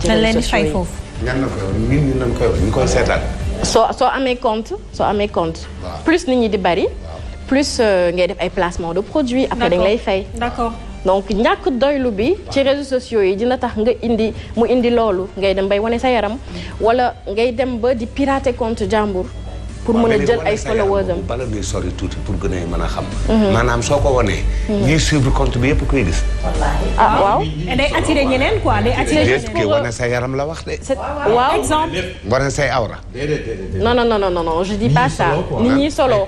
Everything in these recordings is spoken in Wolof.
ci la koy wax nit soo amee compte soo amee compte. plus nit ñi di bari. plus euh, ngay def ay placement de produits. après dañ lay fay. d'accord donc ñàkk doylu bi. ci réseaux sociaux yi dina tax nga indi mu indi loolu ngay dem bay wane sa yaram. Mm. wala ngay dem ba di pirater compte jàmbur. pour mën a jël ay followers am bala muy sori tuuti pour gën a mën a xam. Mhm. soo ko wanee. Mhm. ñuy suivre compte bi yëpp koy gis. ah waaw. wane sa yaram la wax de. waaw exemple. wane say awra. non non non non non je dis pas ça. nit ñi solo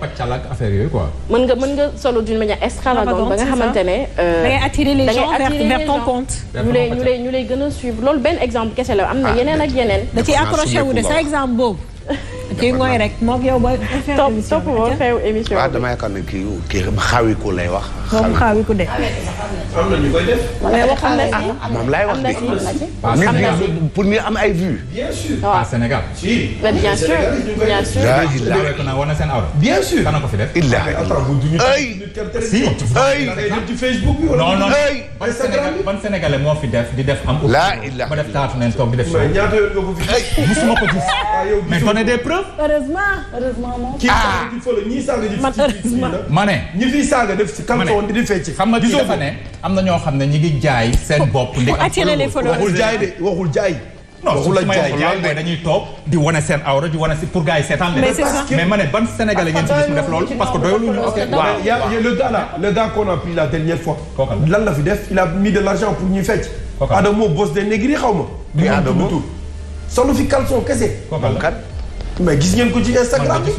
affaire yooyu quoi. mën mën nga solo d'une manière extravagante ba nga xamante ne. Euh, da ngay attiré les gens vers ton compte. ñu lay ñu suivre loolu benn exemple kese la am na ah, yeneen ak yeneen. da ciy accroché wu kii ngooy rek moog yow ba. topp topp boo xew émission bi. waaw damaa yaakaar ne kii kii xaawiku lay wax. moom xaawiku de. am na ñu koy def. moom laay wax de. am na si pour ñu am ay vues. bien sûr waaw Sénégal. si bien sûr bien sûr. wane seen awra. bien sûr. kan ko fi def. illaahi ay. si ci Facebook bi wala. non non ban Sénégal ban Sénégalais moo fi def di def am. laa illah ba def taatu neen toog di def. mais ñaata yoon nga ko fi gis. musuma ko gis. Ah, mais donnez des preuves. heureusement heureusement moom. ah ma ne. ñi fiy saaga def ci kaltoon di di fecc. xam nga kii dafa ne am na ñoo xam ne ñi ngi jaay seen bopp. pour attirer les followers waxul jaay de waxul jaay. non su ma jaay mooy dañuy di wane seen awra di wane si pour gars yi seetaan leen. mais ma ne ban Sénégalais ngeen def a le gars là le la dernière fois. lan la fi def il a mis de l'argent pour ñu fecc. kooku Adamo boss de négri xaw ma. muy fi caleçon kese. mais gis ngeen ko ci Instagram bi.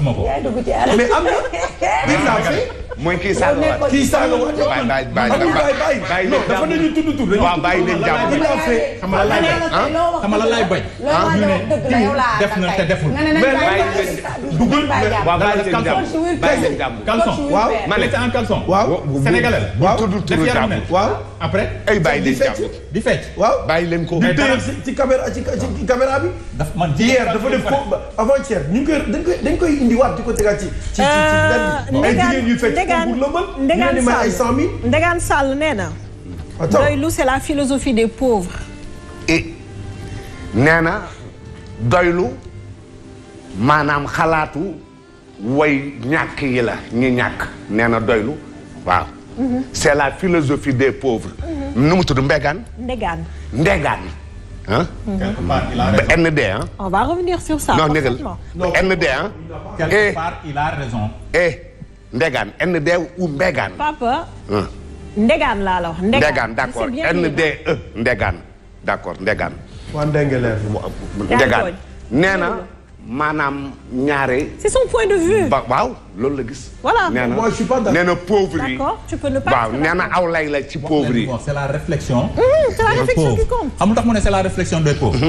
mais am na. mooy kii saaga waat kii saaga waat bàyyi bàyyi bàyyi bàyyi non dafa nañu tudd tudd waaw bàyyi leen jàmm il a fait xam nga lay bañ xam nga lay bañ ah? ñu ne kii def na te deful dugal waaw bàyyi leen jàmm bàyyi leen jàmm caleçon waaw ma ne en caleçon waaw sénégalais waaw tudd tudd jàmm waaw après ay bàyyi leen jàmm di fecc waaw bàyyi leen ko di téye ci caméra ci ci caméra bi daf man hier dafa def ko avant-hier ñu ngi koy dañ koy dañ koy indi waat di ko tegaat ci ci ci ay jigéen yu fecc ndegaan ndegaan nee na. doylu c'est la philosophie des pauvres. et nee doylu maanaam xalaatu way ñàkk yi la ñi ñàkk nee na doylu waaw. Mhm. c'est la philosophie des pauvres. Mhm. nu mu tudd Mbegaan. Ndegaan on va revenir sur ça. non négal ND ah. quelque ndegaan ND ou mbegaan. papa. ndegaan laa la wax. ndegaan d' accord ND e ndegaan d' accord ndegaan. waa Ndengeleer lu mu am. ndegaan nee na maanaam ñaare. c'est son point de vue. ba waaw loolu la gis. voilà moi je suis pas d'accord nee na pauvre yi. d'accord tu peux ne pas waaw nee na aw lay la ci pauvre yi. c'est la réflexion. c'est la réflexion qui compte. xam nga tax mu ne c'est la réflexion des pauvres.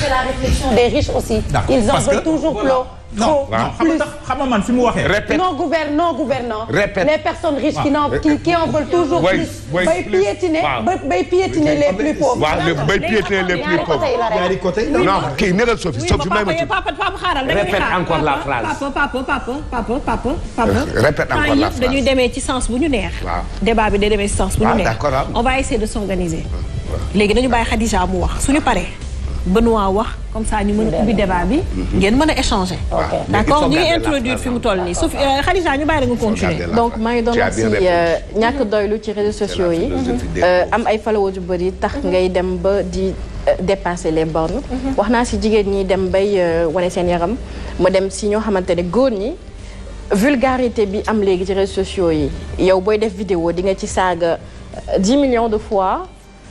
c'est la réflexion des riches aussi. ils en veulent toujours plus. non non xam nga man fi mu waxee. répète non gouvernant non gouvernant. répète les personnes riches qui n'en qui qui en veulent toujours plus. bay piétiner bay piétiner les plus pauvres. waaw bay piétiner les plus pauvres. ñaari côté non kii ne la Sophie Sophie may ma tuuti. répète encore la phrase. papa papa papa papa papa. répète encore la phrase dañuy demee ci sens bu ñu neex. waaw débat bi day demee ci sens bu ñu neex. on va essayer de s'organiser. léegi dañu bàyyi Khadija mu wax suñu paree. Benoît wax comme ça ñu mën a ubbi débat bi. Mhm. ngeen mën a échangé d' accord mu toll nii suuf euh, Khadija ñu bàyyi la nga donc maa ngi doon wax si euh, ñàkk doylu ci réseaux sociaux yi. Euh, am ay followers yu bëri tax ngay dem ba di dépasser les bornes. Mhm. wax naa si jigéen ñi dem bay wane seen yaram mu dem si ñoo xamante ne góor ñi. vulgarité bi am léegi ci réseaux sociaux yi yow booy def vidéo di nga ci saaga dix millions de fois.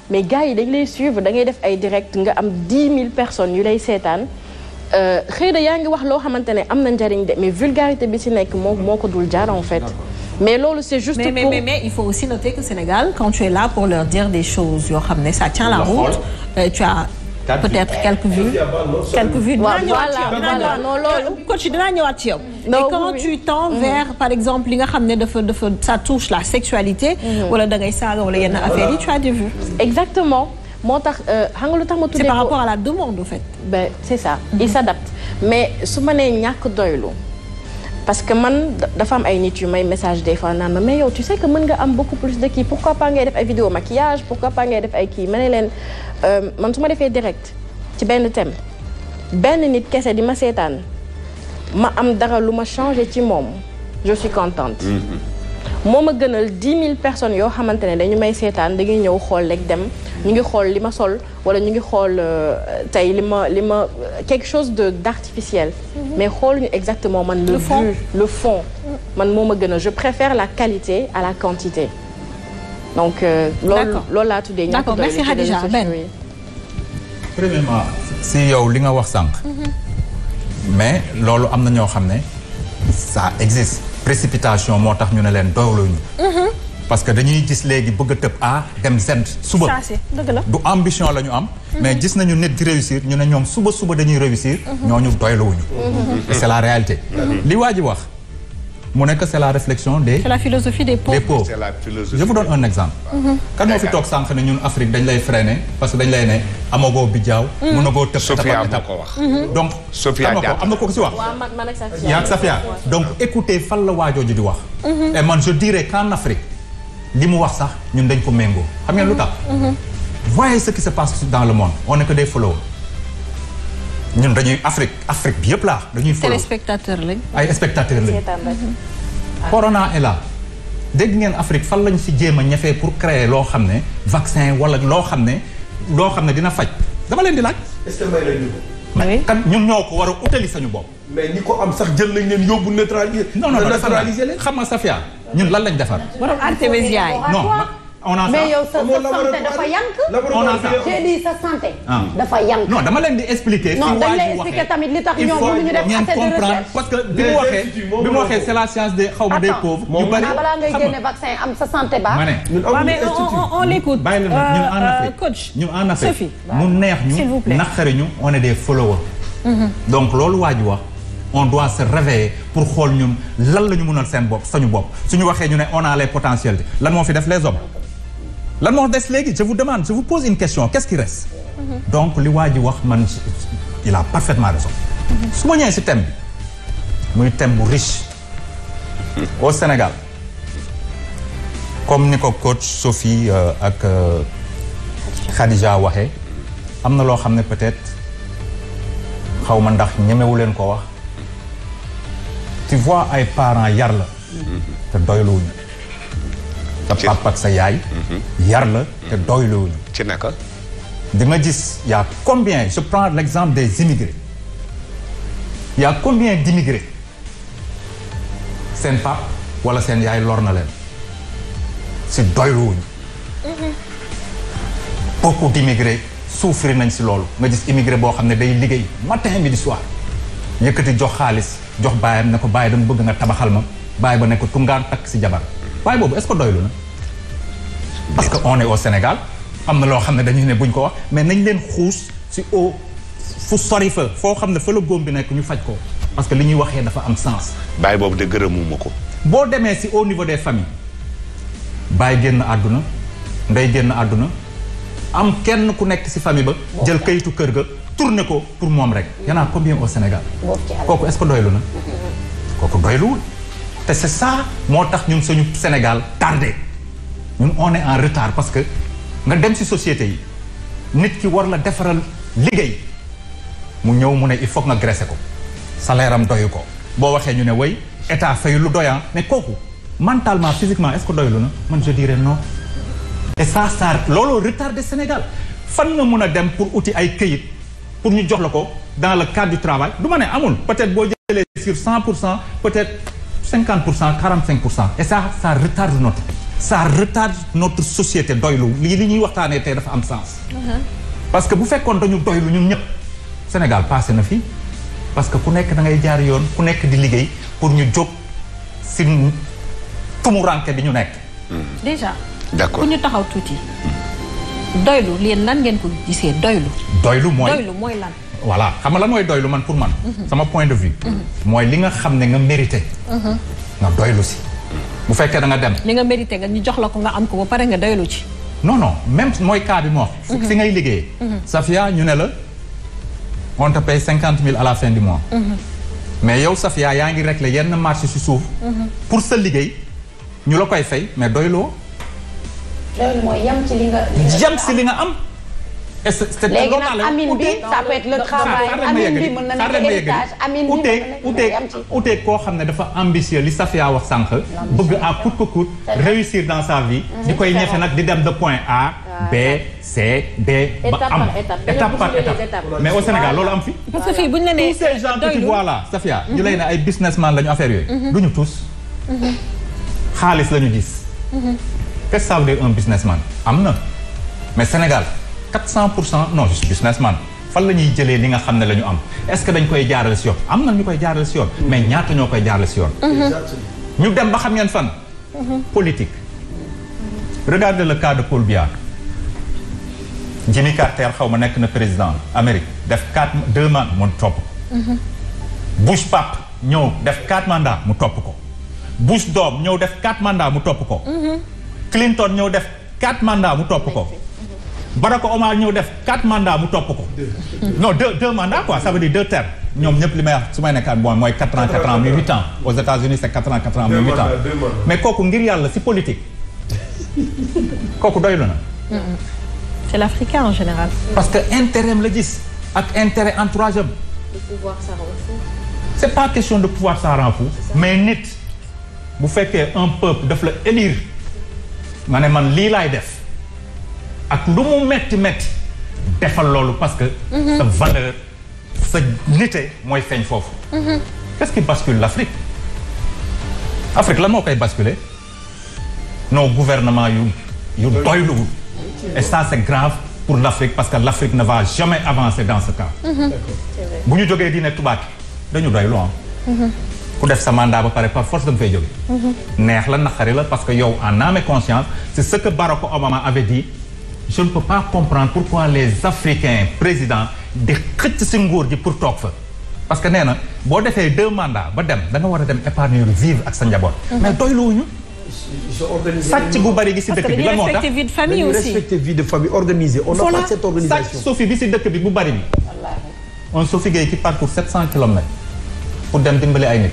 mais gars yi dañ lay suivre da def ay direct nga am 10 000 personnes yu lay seetaan euh, xëy na yaa ngi wax loo xamante ne am na njariñ de mais vulgarité bi ci nekk moo moo ko dul jaar en fait. mais loolu c'est juste mais, mais, pour mais mais Sénégal quand tu es là pour leur dire des choses yoo xam ne ça tient la route. Euh, tu as peut-être quelques vues. quelques vues dinaa ñëwaat ci yow voilà non loolu. coach dinaa par exemple li nga xam ne dafa dafa ça touche la sexualité. Mm-hmm. wala da ngay saaga wala yenn affaire yi tu as des vues. moo tax euh, xam nga tax ma tuddee ko c'est par rapport à la demande en fait. c'est ça il s'adapte mais su ma nee ñàkk doylu. parce que man dafa am ay nit yu may message des fois naan ma mais yow tu sais que mën nga am beaucoup plus de kii pourquoi pas ngay def ay vidéo maquillage pourquoi pas ngay def ay kii ma ne leen euh, man su ma defee direct ci benn thème benn nit kese di ma seetaan ma am dara lu ma changé ci moom je suis contente. Mm-hmm. moom ma gënal 10 000 personnes yoo xamante ne dañu may seetaan dañuy ñëw xool rek dem ñu ngi xool li ma sol wala ñu ngi xool euh, tey li ma li ma quelque chose de d'artificiel mhm. mais xool xooluñu exactement man le but le fond man moo ma gënal je préfère la qualité à la quantité donc euh, loolu laa tuddee d'accord merci Khadija Ben premièrement si yow li nga wax sànq mhm. mais loolu am na ñoo xam ne ça existe précipitation moo tax ñu ne leen doyluñu mhm. parce que dañuy gis léegi bëgg a tëb ah dem Z suba du ambition la ñu am mhm. mais gis nañu nit di réussir ñu ne ñoom suba suba dañuy réussir mhm. ñooñu doyluwuñu c'est la réalité li waa ji wax mu nekk c'est la réflexion des. c'est la philosophie des pauvres. je vous donne un exemple. Mhm. kan moo fi toog sànq ne ñun Afrique dañ lay freiné parce que dañ lay ne amagoo bijaaw. Mhm. mënagoo tëb tabax étape mhm. donc. Sophia am na ko si wax. waaw man man ak Safia yaa donc écoutez fan la waajooju di wax. et man je dirais qu'en Afrique li mu wax sax ñun dañ ko méngoo. xam ngeen lu tax. voyez ce qui se passe dans le monde on est que des ñun dañuy Afrique Afrique bi yëpp laa dañuy. folo ay spectateur lañ. ay spectateur lañ. Mhm. corona est la dégg ngeen Afrique fan lañ si jéem a ñefee pour créer loo xam ne vaccin wala loo xam ne loo xam ne dina faj dama leen di laaj. est-ce que ñun ñoo ko war a utali sañu bopp. mais ñi ko am sax jël nañ leen yóbbu neutraliser. non non non xam nga Safia ñun lan lañ defar. waroon Artémisia on mais yow sa santé dafa yànq. on a ça j'ai dit sa ah. dama leen di expliquer. non dañ lay tamit li tax ñoom mënuñu que bi mu waxee bi mu waxee c'est la science des xaw ma des pauvres. ñu bari balaa ngay génne vaccin am sa santé baax. ma ne ñun on on euh, euh, mu neex ñu naqari ñu on est des followers. Mm-hmm. donc loolu waa ji wax. on doit se réveiller pour xool ñun lan la ñu mënal seen bopp suñu bopp suñu waxee ñu ne on a les potentiels lan moo fi def les hommes lan moo des léegi je vous demande je vous pose une question qu'est-ce mhm. donc li waa ji wax man il a parfaitement raison mhm. su ma ñëwee si thème bi muy thème bu riche au Sénégal comme ni ko coach Sophie euh, ak euh, Khadija waxee am na loo xam ne peut-être xaw ma ndax ñemewu leen ko wax tu vois ay parents yar la te doyluwuñu sa papa ak sa yaay. Mhm. yar la te doyloo ñu. ci naka. di gis y' a combien je prends l' exemple des immigrés y' a combien d' seen pap walla seen yaay lor na leen si doyloo ñu. Mhm. beaucoup d' immigrés nañ si loolu nga gis immigré boo xam ne day liggéey matin midi soir yëkkati jox xaalis jox baayam ne ko bàyyi dama bëgg nga tabaxal ma bàyyi ba ne ko tungaan takk si jabar. waaye boobu est-ce que doylu na parce que on est au Sénégal am na loo xam ne dañuy ne buñ ko wax mais nañ leen xuus si au fu sori fa foo xam ne fa la góom bi nekk ñu faj ko parce que li ñuy waxee dafa am sens bàyyi boobu de gërëmuma ko boo demee si au niveau des familles bàyyi génn àdduna ndey génn àdduna am kenn ku nekk si famille ba jël kayitu kër ga tourné ko pour moom rek yanaa combien au Sénégal kooku est-ce que doylu na mm-hmm. kooku doyluwul te c'est ça moo tax ñun suñu Sénégal tardé ñun on en retard parce que nga dem ci société yi nit ki war la defaral liggéey mu ñëw mu ne il faut nga graisser ko salaire am doyu ko boo waxee ñu ne way état fayu lu doyan mais kooku mentalement physiquement est-ce que doylu na man je dirais non et ça ça loolu retardé Sénégal fan nga mun a dem pour uti ay këyit pour ñu jox la ko dans le cadre du travail du ma ne amul peut-être boo jëlee sur cent pour cent peut-être cinquante pour cent quarante cinq pour cent et ça ça retarde notre ça retarde notre société doylu lii li ñuy waxtaanee tey dafa am sens. Uh-huh. parce que bu fekkoon dañu doylu ñun ñëpp Sénégal passé na fi parce que ku nekk da ngay jaar yoon ku nekk di liggéey pour ñu jóg si tumuranke bi ñu nekk. déjà. d'accord ku ñu taxaw tuuti. doylu leen nan ngeen ko gisee doylu. doylu mooy doylu mooy lan. voilà xam nga la mooy doylu man pour man. Mhm. sama point de vue. Mhm. mooy li nga xam ne nga mérité. Mhm. nga doylu si. bu fekkee da dem. li nga mérité nga ñu jox la ko nga am ko ba pare nga doylu ci. non non même mooy cas bi moo wax. si ngay liggéeyee. Safia ñu ne la on cinquante mille à la fin du mois. mais yow Safia yaa ngi réglé yenn marché si suuf. pour sa liggéey ñu la koy fay mais doyloo. loolu mooy yam ci li nga. yam si li nga am. léegi nag koo xam ne dafa ambitieux li Safia wax sànq bëgg à coûte que coûte réussir dans sa vie mm-hmm. di koy ñefe nag di dem de point A B C D ba am étape par étape mais au Sénégal loolu am fi parce que fii bu ñu la nee tous ces gens que tu vois ñu mm-hmm. lay ne ay businessman la ñu mm-hmm. xaalis la gis qu'est-ce que ça veut am na mais Sénégal quatre cent pour cent non je suis businessman fan la jëlee li nga xam ne la am est ce que dañ koy jaarale si yoon am na koy jaarale si yoon. mais ñaata koy jaarale si yoon. ñu dem ba xam ngeen fan. politique. regardez le cas de Paul Biya. Jimmy xaw ma nekk na président Amérique def quatre deux mandats mu topp ko. Bush pap ñëw def quatre mandats mu topp ko. Bush doom ñëw def quatre mandats mu topp ko. Mhm. Clinton ñëw def quatre mandats mu topp ko. Barack Obama ñëw def quatre mandats mu topp ko. non deux deux mandats quoi ça veut dire deux termes. ñoom ñëpp li may wax su may nekkaat bon mooy quatre ans quatre ans muy huit ans aux États-Unis c'est mais kooku ngir yàlla si politique kooku doylu na. Mm-hmm. c'est l'Africain en général. parce que intérêt am la gis ak intérêt entourage am. le pouvoir c'est pas question de pouvoir ça rend mais nit bu fekkee un peuple daf la élire. nga ne man lii laay def. ak lu mu metti metti defal loolu parce que mhm. sa valeur sa nite mooy feeñ foofu mhm. qu'est-ce qui bascule l'Afrique Afrique la moo koy basculer nos gouvernements yu yu doyluwul et ça c'est grave pour l'Afrique parce que l'Afrique ne va jamais avancer dans cas mhm. bu ñu jógee diine tubaab dañu doy lu ah. ku def sa mandat ba pare par force da nga fay jóge neex la naqari la parce que yow en âme et conscience c'est ce que Barack Obama avait dit je ne peux pas comprendre pourquoi les africains présidents di xëcc si nguur ji pour toog fa parce que nee na boo defee deux mandats ba dem da nga war a dem épargner vivre ak sa njaboot. Mhm. mais doyluwuñu. sàcc bu bëri gi si dëkk bi lan moo tax parce que dañuy respecté vie de famille aussi dañuy respecté vie de bi si dëkk bi bu bëri bi. on sofi gay qui parcourt 700 kilomètres pour dem dimbali ay nit.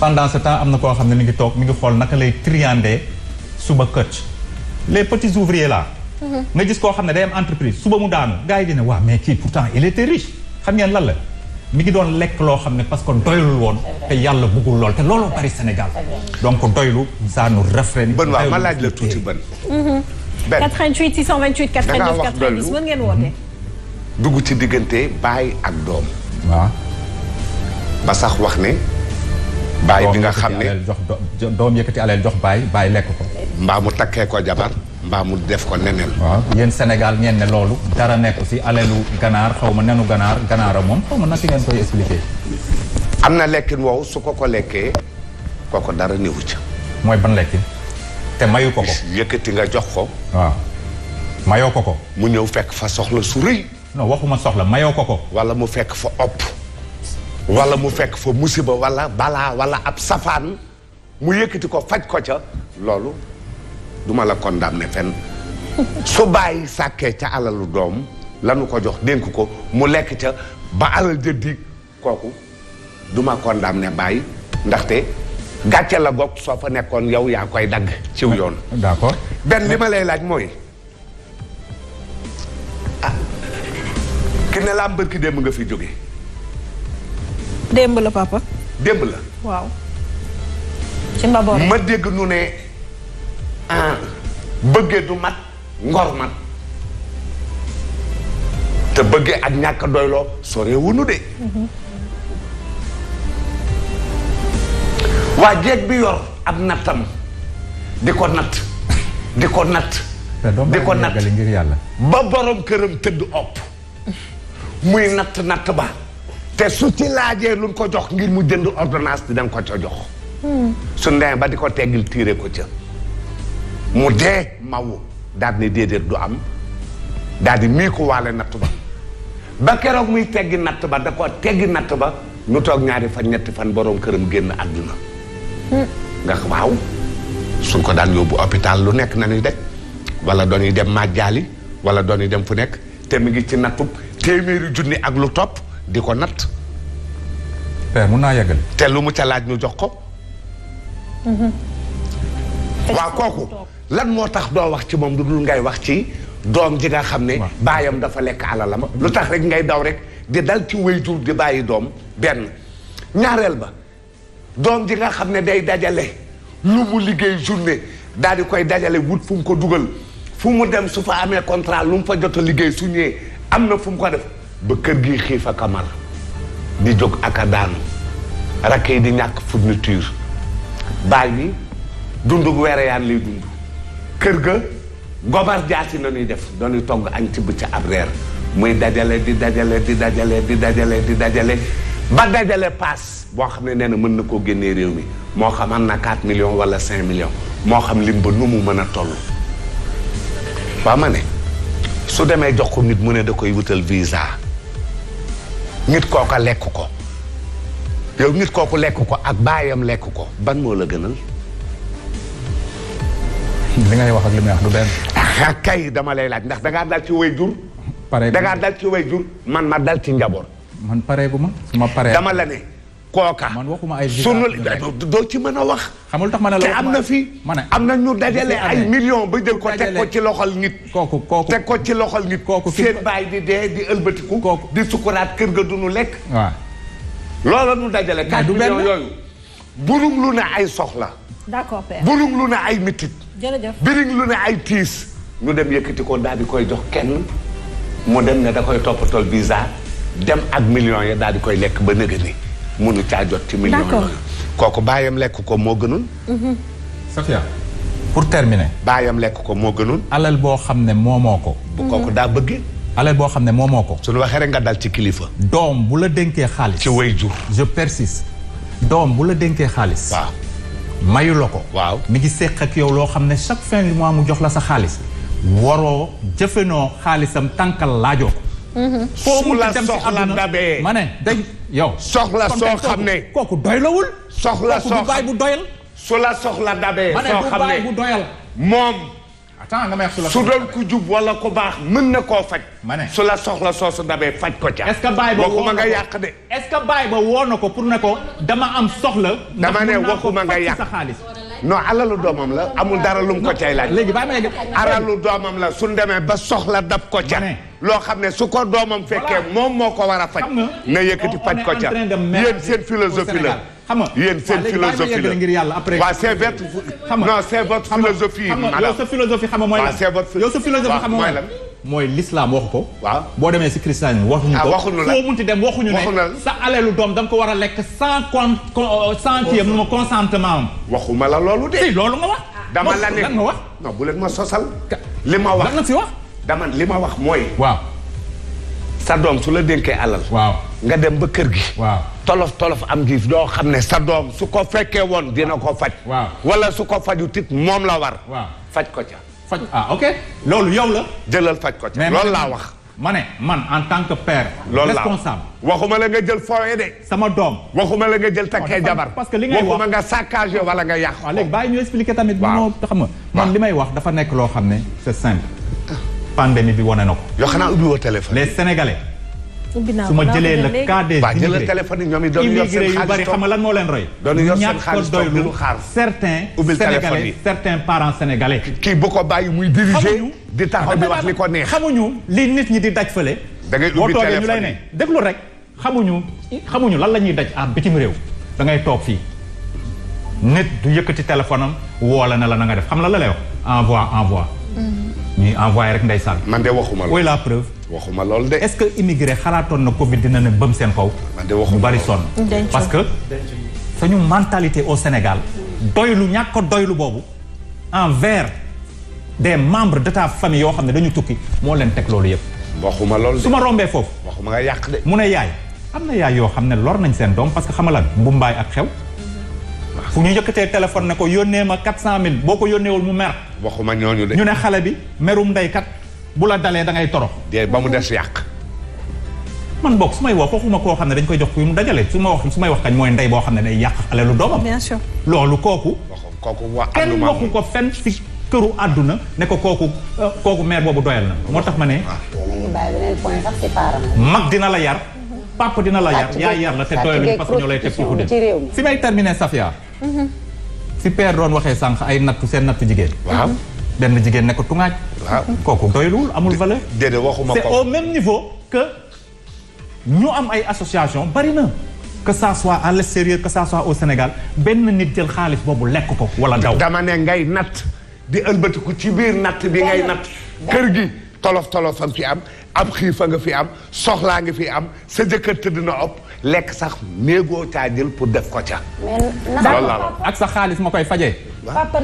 pendant ce temps am na koo xam ne mi ngi toog mu ngi xool naka lay triander suba këcc les petits ouvriers là. nga gis koo xam ne day am entreprise suba mu daanu gars yi dina waa mais kii pourtant il riche xam ngeen lan la mi ngi doon lekk loo xam ne parce que doylul woon te yàlla bëggul lool te looloo bari Sénégal donc doylu ça nous réfrène ban ma laaj la tuuti ban benn 88 628 92 90 mën ngeen woote dugg ci diggante baay ak doom waaw ba sax wax ne baay bi nga xam ne doom yëkkati aleel jox baay baay lekk ko mbaa mu takkee ko jabar mbaa mu def ko neneen waaw yéen Sénégal ngeen ne loolu dara nekku si alelu ganaar xaw ma nenu ganaar ganaara moom xaw ma naka ngeen koy expliquer am na lekkin woowu su ko ko lekkee kooko dara néewu ca mooy ban lekkin te mayu ko ko yëkkati nga jox ko waaw mayoo ko ko mu ñëw fekk fa soxla su rëy non waxuma soxla mayoo ko ko wala mu fekk fa opp wala mu fekk fa musiba wala balaa wala ab safaan mu yëkkati ko faj ko ca loolu duma la condamné fenn su bàyyi sàkkee ca alalu doom lanu ko jox dénk ko mu lekk ca ba alal jëddi kooku duma ne bàyyi ndaxte gàcce la goog soo fa nekkoon yow yaa koy dagg ciw yoon d'accord benn li ma lay laaj mooy ah ki ne laa démb nga fi jóge démb la papa démb la waaw ci ma dégg nu ne Ah. bëgge du mat ngor mat te bëgge ak ñàkk doyloo sore wunu de mm-hmm. waa jeeg bi yor ab nattam di ko natt di ko natt di ko natt ba borom këram tëdd opp muy natt natt ba te su ci laajee luñ ko jox ngir mu jënd ordonnance di dem ko ca jox mm. su ndee ba di ko teggil tiire ko ca mu dee mawu daal di déedéet du am daal di mii ko waale natt ba ba keroog muy teggi natt ba da ko teggi natt ba ñu toog ñaari fan ñetti fan boroom këram génn àdduna nga waaw suñ ko daan yóbbu hôpital lu nekk na ñuy def wala doon yi dem màjjaali wala doon yi dem fu nekk te mu ngi ci nattub téeméeri junni ak lu topp di ko natt mun naa te lu mu ca laaj ñu jox ko mm-hmm. waaw kooku lan moo tax doo wax ci moom lu dul ngay wax ci doom ji nga xam ne baayam dafa lekk alalam lu tax rek ngay daw rek di dal ci waajur di bàyyi doom benn ñaareel ba doom ji nga xam ne day dajale lu mu liggéey journée daal di koy dajale wut fu mu ko dugal fu mu dem su fa amee contrat lu mu fa jot a liggéey su am na fu mu ko def ba kër gi xiif ak mar di jóg ak a daanu rakk yi di ñàkk fourniture baay bi dundug wereyaan lay dund kër ga gobar jaasi la ñuy def dañuy togg añ tibb ci ab reer muy dajale di dajale di dajale di dajale di dajale ba dajale paas boo xam ne nee na mën na koo génnee réew mi moo xam am na 4 millions wala 5 millions moo xam lim ba nu mu mën a toll waa ma ne su demee jox ko nit mu ne da koy wutal visa nit kooka lekk ko yow nit kooku lekk ko ak baayam lekk ko ban moo la gënal li ngay wax ak li may wax du benn. ah kay dama lay laaj ndax da ngaa dal ci way jur. pare da ngaa dal ci way jur man ma dal ci njaboot. man pareegu ma su ma paree dama la ne. kooka man waxuma ay sunu doo ci mën a wax. xamul tax ma ne la am na fii. ma ne am na ñu dajale ay millions ba jël ko ci loxol nit. kooku kooku teg ko ci loxol kooku seen baay di dee di ëlbatiku. kooku di sukuraat kër ga du nu lekk. waaw. loolu nu dajale. mais du benn 4 millions yooyu. burung lu ne ay soxla. d'accord père burung lu ay mitit. jërëjëf biriñ lu ne ay tiis ñu dem yëkkati ko daal di koy jox kenn mu dem ne da koy toppatoo visa dem ak millions yi daal di koy lekk ba nëgë ni mënu caa jot ci millions yooyu kooku baayam lekk ko moo gënul mhm. Safia pour terminer bàyyam lekk ko moo gënul alal boo xam ne moomoo ko bu kooku daa bëgg alal boo xam ne moomoo ko suñu waxee rek nga dal ci kilifa doom bu la dénkee xaalis ci way jur je persiste doom bu la dénkee xaalis mayu ko. waaw mi ngi seq ak yow loo xam ne chaque fin du mois mu jox la sa xaalis. waroo jëfenoo xaalisam tànkal laajoo ko. Mm-hmm. foo la soxla dabee ma ne dañ yow. soxla soo xam ne kooku doylawul. soxla soo xam kooku du baay soxla dabee. soo xam du baay bu doyal. moom. attends nga may wax su doon ku jub wala ku baax mën na koo faj. ma ne su la soxla soosu dabee faj ko ca. est-ce que baay ba waxuma nga yàq de. baay ba woo na ko pour ne ko dama am soxla. dama ne waxuma nga yàq non alalu doomam la amul dara lum ko cay laaj. léegi bàyyi ma léegi alalu doomam la suñ demee ba soxla dab ko ca. loo xam ne su ko doomam fekkee moom moo ko war a faj. na yëkkati faj ko ca yéen seen philosophie la. xam nga yéen seen philosophie la ngir yàlla après waaw c'est votre xam nga non c'est votre philosophie madame yow sa philosophie xam mooy lan yow sa philosophie xam nga mooy lan mooy l'islam waxu ko waaw boo demee si christianisme waxuñu ko waxuñu la ne sa alelu doom da nga ko war a lekk sans con sans kiyam nu ma consentement waxuma la loolu de loolu nga wax dama la ne nga wax non leen ma sosal li ma wax da nga si wax dama li ma wax mooy waaw sa doom su la dénkee alal waaw nga dem ba kër gi waaw tolof tolof am juif loo xam ne sa doom su ko fekkee woon dina ko faj. waaw wala su ko fajut tit moom la war. waaw faj ko ca. faj ah ok loolu yow la. jëlal faj ko ca loolu laa wax. ma ne man en tant que père. loolu la responsable. waxuma la nga jël fooye de. sama doom. waxuma la nga jël takkee jabar. parce que li ngay wax waxuma nga saccagé wala nga yàq. waaw léegi bàyyi ñu expliqué tamit. waaw xam nga man li may wax dafa nekk loo xam ne c'est simple. bi wane na ko. yoo xanaa ubbi woo téléphone. les su ma jëlee le cas des immigrés immigré yu bari xam nga lan moo leen roy. ñàkk ko doylu certains sénégalais certains parents sénégalais. kii bu ko bàyyi muy diriger. di taxaw di wax li xamuñu li nit ñi di daj fële. dangay ngay ubbi téléphone boo toogee ñu rek xamuñu xamuñu lan la ñuy daj ah bitim réew da ngay toog fii. nit du yëkkati téléphone am woo la ne la na nga def xam la la lay wax envoi envoi. ñuy envoyé rek ndeysaan. man de waxuma lool oui la preuve. waxuma lool de. est-ce que immigré xalaatoon na Covid dina ne bëm seen kaw. man de waxuma bari sonn. parce que suñu mentalité au Sénégal. doylu ñàkk doylu boobu envers de membres de ta famille yoo xam ne dañu tukki moo leen teg loolu yëpp. waxuma lool de su ma rombee foofu. waxuma nga yàq de. mu ne yaay am na yaay yoo xam ne lor nañ seen doom parce que xamala mbumbaay ak xew. fu ñu yëkkatee téléphone ne ko yónnee ma quatre cent mille boo ko yónneewul mu mer. waxuma ñooñu de. ñu ne xale bi merum ndeykat bu la dalee dangay ngay torox. ba mu des yàq. man boog su may wax waxuma koo xam ne dañ koy jox kuy mu dajale su ma wax su may wax kañ mooy ndey boo xam ne day yàq lu doomam. bien sûr loolu kooku. kooku waa kenn waxu ko fenn si këru àdduna ne ko kooku euh, kooku mère boobu doyal na moo tax ma ne. Ah. mag dina la yar. papa dina la yar. yaa yar la te doyal parce ñoo lay teg ci réew fi may terminer Safia. si père doon waxee sànq ay nattu seen nattu jigéen. waaw benn jigéen ne ko tungaaj. waaw kooku doyluwul amul valeur. déedéet waxuma ko c'est au même niveau que ñu am ay association bari na. que ça soit à l'extérieur que ça soit au Sénégal benn nit jël xaalis boobu lekk ko wala daw. dama ne ngay natt di ëlbatiku ci biir natt bi ngay natt kër gi tolof tolof fa nga fi am ab xiifa nga fi am soxlaa nga fi am sa jëkkër tëdd na ëpp lekk sax méegoo caa jël pour def ko ca. ak sa xaalis ma koy fajee.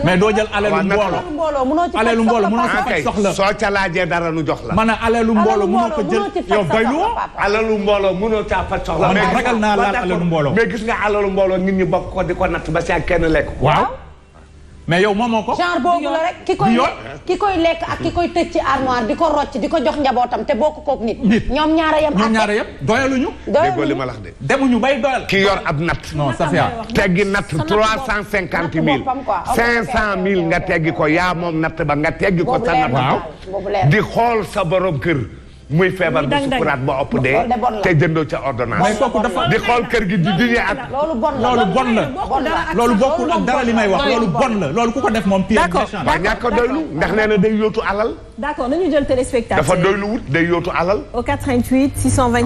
mais doo jël alalu mbooloo mënoo ci alalu mbooloo mënoo ci ah, soxla soo ca laajee dara nu jox la. ma ne alalu mbooloo mënoo ko jël yow doylu woo. alalu mbooloo mënoo caa faj soxla. mais ragal naa laal alalu mbooloo. gis nga alalu mbooloo ni ñi bokk ko di ko natt ba si ak kenn lekk. waaw. mais yow moom ko. genre boobu la rek ki koy lekk ak ki koy tëj ci armoire di ko rocc di ko jox njabootam te bokk kook nit. nit ñoom ñaara yem. ñoom ñaara yem doyaluñu. déggoo li ma lax de. demuñu bay doyal. ki yor ab natt. non Safia teggi natt trois cent cinquante mille. cinq cent mille nga teggi ko yaa moom natt ba nga teggi ko. sa natt di xool sa borom kër. muy feebar bu sukuraat ba ëpp dee te jëndoo ca ordonnance di xool kër gi di dine ak loolu bon la loolu bokkul ak dara li may wax loolu bon la loolu ku ko def moom pire waaw ñàkk a doylu ndax nee na day yóotu alal d'accord nañu jël téléspectateur dafa doylu wut day yóotu alal au 88 628